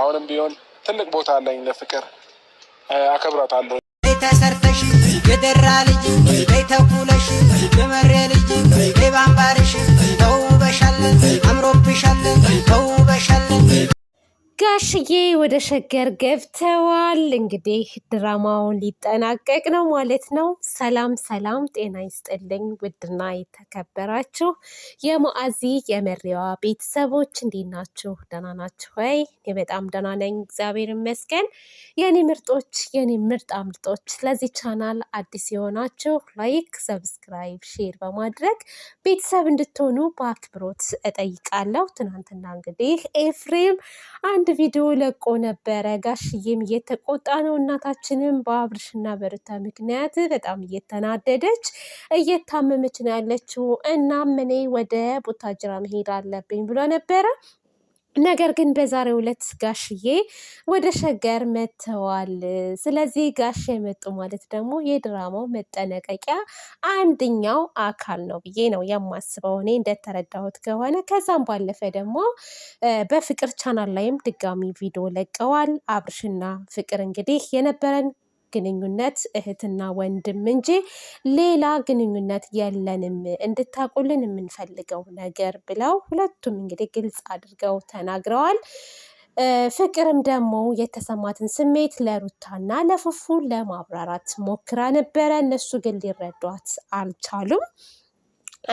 አሁንም ቢሆን ትልቅ ቦታ አለኝ ለፍቅር አከብራታለሁ። ተሰርተሽ የደራ ልጅ ቤተኩለሽ የመሬ ልጅ ቤባንባርሽ ተውበሻለን፣ አምሮብሻለን፣ ተውበሻለን። ጋሽዬ ወደ ሸገር ገብተዋል። እንግዲህ ድራማው ሊጠናቀቅ ነው ማለት ነው። ሰላም ሰላም፣ ጤና ይስጥልኝ ውድና የተከበራችሁ የማአዚ የመሪዋ ቤተሰቦች እንዴት ናችሁ? ደህና ናችሁ ወይ? እኔ በጣም ደህና ነኝ፣ እግዚአብሔር ይመስገን። የኔ ምርጦች፣ የኔ ምርጥ አምርጦች፣ ለዚህ ቻናል አዲስ የሆናችሁ ላይክ፣ ሰብስክራይብ፣ ሼር በማድረግ ቤተሰብ እንድትሆኑ በአክብሮት እጠይቃለሁ። ትናንትና እንግዲህ ኤፍሬም አንድ ቪዲዮ ለቆ ነበረ። ጋሽዬም እየተቆጣ ነው። እናታችንም በአብርሽና በሩታ ምክንያት በጣም እየተናደደች እየታመመች ነው ያለችው። እናም እኔ ወደ ቡታጅራ መሄድ አለብኝ ብሎ ነበረ። ነገር ግን በዛሬው ዕለት ጋሽዬ ወደ ሸገር መጥተዋል። ስለዚህ ጋሽ የመጡ ማለት ደግሞ የድራማው መጠነቀቂያ አንድኛው አካል ነው ብዬ ነው የማስበው እኔ እንደተረዳሁት ከሆነ። ከዛም ባለፈ ደግሞ በፍቅር ቻናል ላይም ድጋሚ ቪዲዮ ለቀዋል። አብርሽና ፍቅር እንግዲህ የነበረን ግንኙነት እህትና ወንድም እንጂ ሌላ ግንኙነት የለንም እንድታቁልን የምንፈልገው ነገር ብለው ሁለቱም እንግዲህ ግልጽ አድርገው ተናግረዋል። ፍቅርም ደግሞ የተሰማትን ስሜት ለሩታና ለፉፉ ለማብራራት ሞክራ ነበረ። እነሱ ግን ሊረዷት አልቻሉም።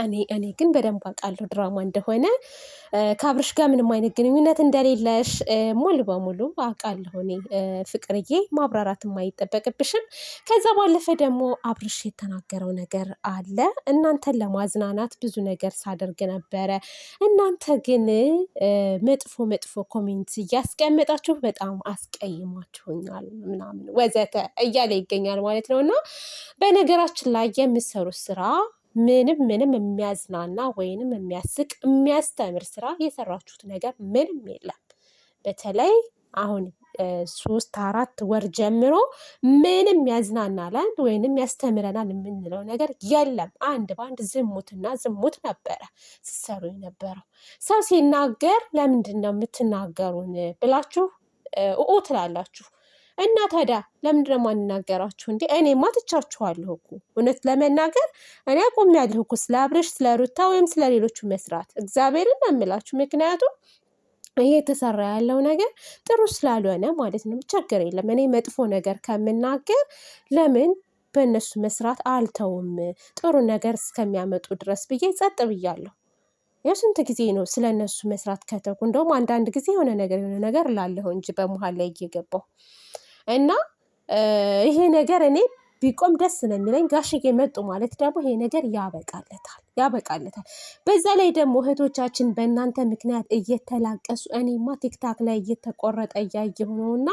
እኔ እኔ ግን በደንብ አውቃለሁ ድራማ እንደሆነ ከአብርሽ ጋር ምንም አይነት ግንኙነት እንደሌለሽ ሙሉ በሙሉ አውቃለሁ እኔ ፍቅርዬ፣ ማብራራትም አይጠበቅብሽም። ከዛ ባለፈ ደግሞ አብርሽ የተናገረው ነገር አለ። እናንተን ለማዝናናት ብዙ ነገር ሳደርግ ነበረ፣ እናንተ ግን መጥፎ መጥፎ ኮሜንት እያስቀመጣችሁ በጣም አስቀይማችሁኛል ምናምን ወዘተ እያለ ይገኛል ማለት ነው እና በነገራችን ላይ የምሰሩት ስራ ምንም ምንም የሚያዝናና ወይንም የሚያስቅ የሚያስተምር ስራ የሰራችሁት ነገር ምንም የለም። በተለይ አሁን ሶስት አራት ወር ጀምሮ ምንም ያዝናናላል ወይንም ያስተምረናል የምንለው ነገር የለም። አንድ በአንድ ዝሙትና ዝሙት ነበረ ሲሰሩ የነበረው። ሰው ሲናገር ለምንድን ነው የምትናገሩን ብላችሁ ኦ ትላላችሁ። እና ታዲያ ለምን ደግሞ የማንናገራችሁ እንዴ? እኔ ማትቻችኋለሁ እኮ እውነት ለመናገር እኔ አቆሚያለሁ እኮ ስለ አብረሽ፣ ስለ ሩታ ወይም ስለ ሌሎቹ መስራት እግዚአብሔርን ነው ምክንያቱም ይሄ የተሰራ ያለው ነገር ጥሩ ስላልሆነ ማለት ነው። ችግር የለም እኔ መጥፎ ነገር ከምናገር ለምን በእነሱ መስራት አልተውም፣ ጥሩ ነገር እስከሚያመጡ ድረስ ብዬ ጸጥ ብያለሁ። ያው ስንት ጊዜ ነው ስለ እነሱ መስራት ከተኩ። እንደውም አንዳንድ ጊዜ የሆነ ነገር የሆነ ነገር ላለሁ እንጂ በመሀል ላይ እየገባው። እና ይሄ ነገር እኔ ቢቆም ደስ ነው የሚለኝ። ጋሽዬ መጡ ማለት ደግሞ ይሄ ነገር ያበቃለታል ያበቃለታል። በዛ ላይ ደግሞ እህቶቻችን በእናንተ ምክንያት እየተላቀሱ እኔማ ቲክታክ ላይ እየተቆረጠ እያየሁ ነው እና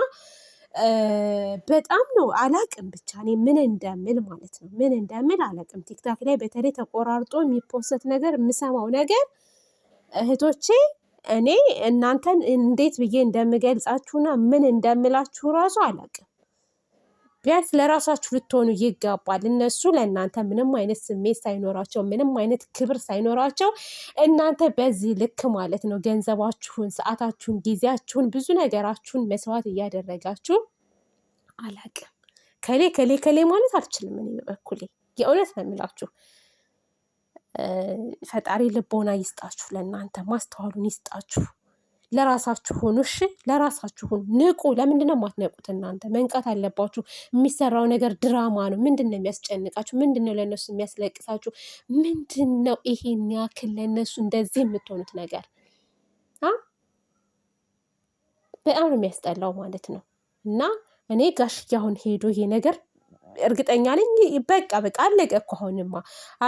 በጣም ነው አላቅም። ብቻ እኔ ምን እንደምል ማለት ነው ምን እንደምል አላቅም። ቲክታክ ላይ በተለይ ተቆራርጦ የሚፖሰት ነገር የምሰማው ነገር እህቶቼ እኔ እናንተን እንዴት ብዬ እንደምገልጻችሁና ምን እንደምላችሁ ራሱ አላውቅም። ቢያንስ ለራሳችሁ ልትሆኑ ይገባል። እነሱ ለእናንተ ምንም አይነት ስሜት ሳይኖራቸው ምንም አይነት ክብር ሳይኖራቸው እናንተ በዚህ ልክ ማለት ነው ገንዘባችሁን፣ ሰዓታችሁን፣ ጊዜያችሁን ብዙ ነገራችሁን መስዋዕት እያደረጋችሁ አላውቅም። ከሌ ከሌ ከሌ ማለት አልችልም እኔ በበኩሌ የእውነት ነው የምላችሁ። ፈጣሪ ልቦና ይስጣችሁ፣ ለእናንተ ማስተዋሉን ይስጣችሁ። ለራሳችሁ ሆኑ። እሺ ለራሳችሁ ሆኑ። ንቁ። ለምንድን ነው የማትነቁት? እናንተ መንቃት አለባችሁ። የሚሰራው ነገር ድራማ ነው። ምንድን ነው የሚያስጨንቃችሁ? ምንድን ነው ለእነሱ የሚያስለቅሳችሁ? ምንድን ነው ይሄን ያክል ለእነሱ እንደዚህ የምትሆኑት ነገር? በጣም ነው የሚያስጠላው ማለት ነው። እና እኔ ጋሽያሁን አሁን ሄዶ ይሄ ነገር እርግጠኛ ነኝ። በቃ በቃ አለቀ እኮ አሁንማ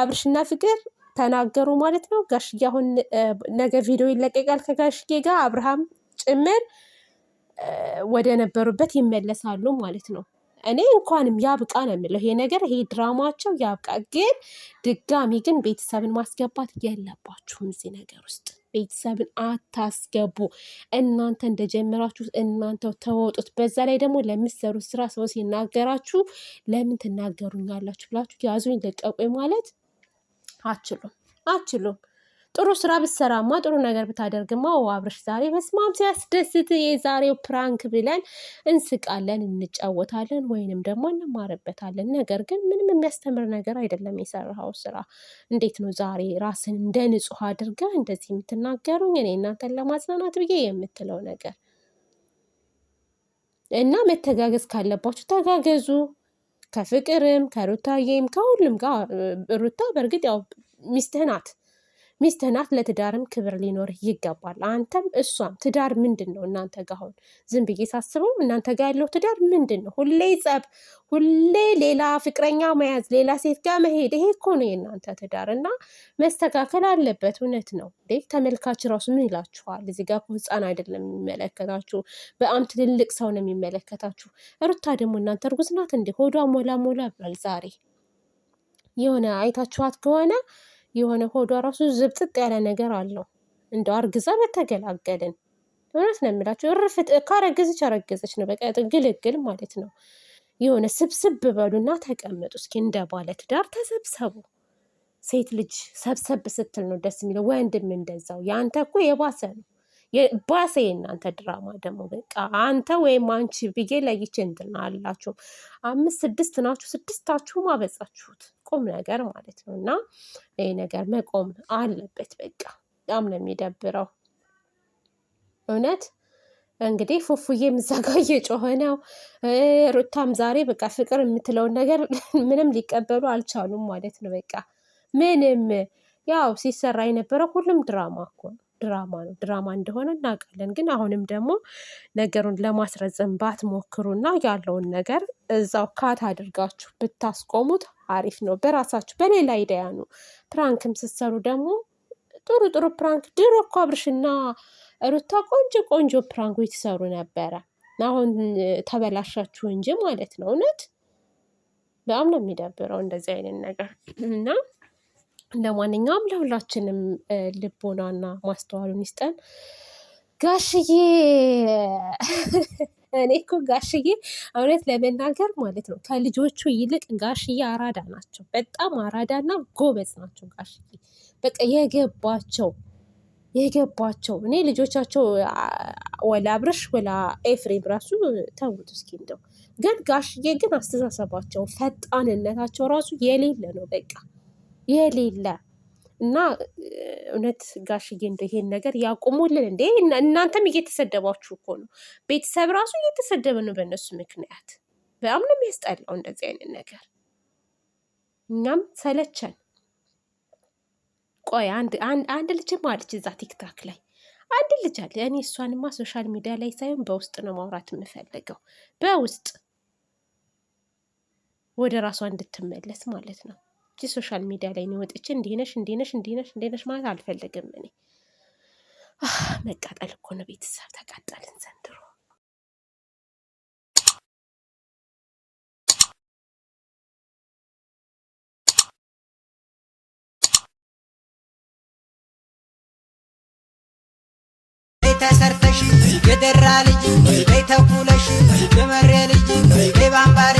አብርሽና ፍቅር ተናገሩ ማለት ነው። ጋሽዬ አሁን ነገ ቪዲዮ ይለቀቃል ከጋሽዬ ጋር አብርሃም ጭምር ወደ ነበሩበት ይመለሳሉ ማለት ነው። እኔ እንኳንም ያብቃ ነው የምለው ይሄ ነገር ይሄ ድራማቸው ያብቃ። ግን ድጋሚ ግን ቤተሰብን ማስገባት የለባችሁም እዚህ ነገር ውስጥ። ቤተሰብን አታስገቡ። እናንተ እንደጀመራችሁ እናንተው ተወጡት። በዛ ላይ ደግሞ ለምትሰሩት ስራ ሰው ሲናገራችሁ ለምን ትናገሩኛላችሁ ብላችሁ ያዙኝ ልቀቁኝ ማለት አችሉም አችሉም። ጥሩ ስራ ብትሰራማ ጥሩ ነገር ብታደርግማ አብርሽ ዛሬ በስማም ሲያስደስት የዛሬው ፕራንክ ብለን እንስቃለን፣ እንጫወታለን፣ ወይንም ደግሞ እንማርበታለን። ነገር ግን ምንም የሚያስተምር ነገር አይደለም የሰራኸው ስራ። እንዴት ነው ዛሬ ራስን እንደ ንጹህ አድርገህ እንደዚህ የምትናገሩኝ? እኔ እናንተን ለማጽናናት ብዬ የምትለው ነገር እና መተጋገዝ ካለባችሁ ተጋገዙ። ከፍቅርም ከሩታዬም ከሁሉም ጋር ሩታ በእርግጥ ያው ሚስትህ ናት ሚስትህ ናት። ለትዳርም ክብር ሊኖር ይገባል። አንተም እሷም። ትዳር ምንድን ነው እናንተ ጋ? አሁን ዝም ብዬ ሳስበው እናንተ ጋ ያለው ትዳር ምንድን ነው? ሁሌ ጸብ፣ ሁሌ ሌላ ፍቅረኛ መያዝ፣ ሌላ ሴት ጋር መሄድ። ይሄ እኮ ነው የእናንተ ትዳር እና መስተካከል አለበት። እውነት ነው እንዴ! ተመልካች ራሱ ምን ይላችኋል? እዚህ ጋር ህፃን አይደለም የሚመለከታችሁ፣ በጣም ትልልቅ ሰው ነው የሚመለከታችሁ። ሩታ ደግሞ እናንተ እርጉዝ ናት እንዴ? ሆዷ ሞላ ሞላ ብሏል ዛሬ የሆነ አይታችኋት ከሆነ የሆነ ሆዷ ራሱ ዝብጥጥ ያለ ነገር አለው። እንደው አርግዛ በተገላገልን። እውነት ነው የምላቸው። እርፍት ካረገዘች አረገዘች ነው በቃ ግልግል ማለት ነው። የሆነ ስብስብ በሉና ተቀመጡ እስኪ እንደ ባለ ትዳር ተሰብሰቡ። ሴት ልጅ ሰብሰብ ስትል ነው ደስ የሚለው። ወንድም እንደዛው። ያንተ እኮ የባሰ ነው። ባሰ የእናንተ ድራማ ደግሞ በቃ አንተ ወይም አንቺ ብዬ ለይቼ እንትና አላችሁ አምስት ስድስት ናችሁ፣ ስድስታችሁም አበዛችሁት። ቁም ነገር ማለት ነው። እና ይህ ነገር መቆም አለበት። በቃ በጣም ነው የሚደብረው እውነት። እንግዲህ ፉፉዬ እዛ ጋ እየጮኸ ነው። ሩታም ዛሬ በቃ ፍቅር የምትለውን ነገር ምንም ሊቀበሉ አልቻሉም ማለት ነው። በቃ ምንም ያው ሲሰራ የነበረው ሁሉም ድራማ እኮ ነው። ድራማ ነው። ድራማ እንደሆነ እናውቃለን። ግን አሁንም ደግሞ ነገሩን ለማስረዘም ባትሞክሩና ያለውን ነገር እዛው ካት አድርጋችሁ ብታስቆሙት አሪፍ ነው። በራሳችሁ በሌላ አይዲያ ነው። ፕራንክም ስትሰሩ ደግሞ ጥሩ ጥሩ ፕራንክ ድሮ እኮ አብርሽና ሩታ ቆንጆ ቆንጆ ፕራንኮች ይሰሩ ነበረ። አሁን ተበላሻችሁ እንጂ ማለት ነው። እውነት በጣም ነው የሚደብረው እንደዚህ አይነት ነገር እና ለማንኛውም ለሁላችንም ልቦናና ማስተዋሉን ይስጠን። ጋሽዬ እኔ እኮ ጋሽዬ እውነት ለመናገር ማለት ነው ከልጆቹ ይልቅ ጋሽዬ አራዳ ናቸው። በጣም አራዳና ጎበዝ ናቸው ጋሽዬ። በቃ የገባቸው የገባቸው እኔ ልጆቻቸው ወላ አብረሽ ወላ ኤፍሬም ራሱ ተውት እስኪ እንደው ግን ጋሽዬ ግን አስተሳሰባቸው ፈጣንነታቸው ራሱ የሌለ ነው በቃ የሌለ እና እውነት ጋሽዬ እንደ ይሄን ነገር ያቆሙልን እንዴ! እናንተም እየተሰደባችሁ እኮ ነው። ቤተሰብ ራሱ እየተሰደበ ነው በእነሱ ምክንያት። በጣም ነው የሚያስጠላው እንደዚህ አይነት ነገር። እኛም ሰለቸን። ቆይ አንድ ልጅ ማለች እዛ ቲክታክ ላይ አንድ ልጅ አለ። እኔ እሷንማ ሶሻል ሚዲያ ላይ ሳይሆን በውስጥ ነው ማውራት የምፈልገው፣ በውስጥ ወደ ራሷ እንድትመለስ ማለት ነው። እቺ ሶሻል ሚዲያ ላይ ነው ወጥቼ እንዲነሽ እንዲነሽ እንዲነሽ እንዲነሽ ማለት አልፈልግም። እኔ መቃጠል እኮ ነው ቤተሰብ ተቃጠልን ዘንድሮ። ተሰርተሽ የደራ ልጅ ተኩለሽ የመሬ ልጅ ባምባሬ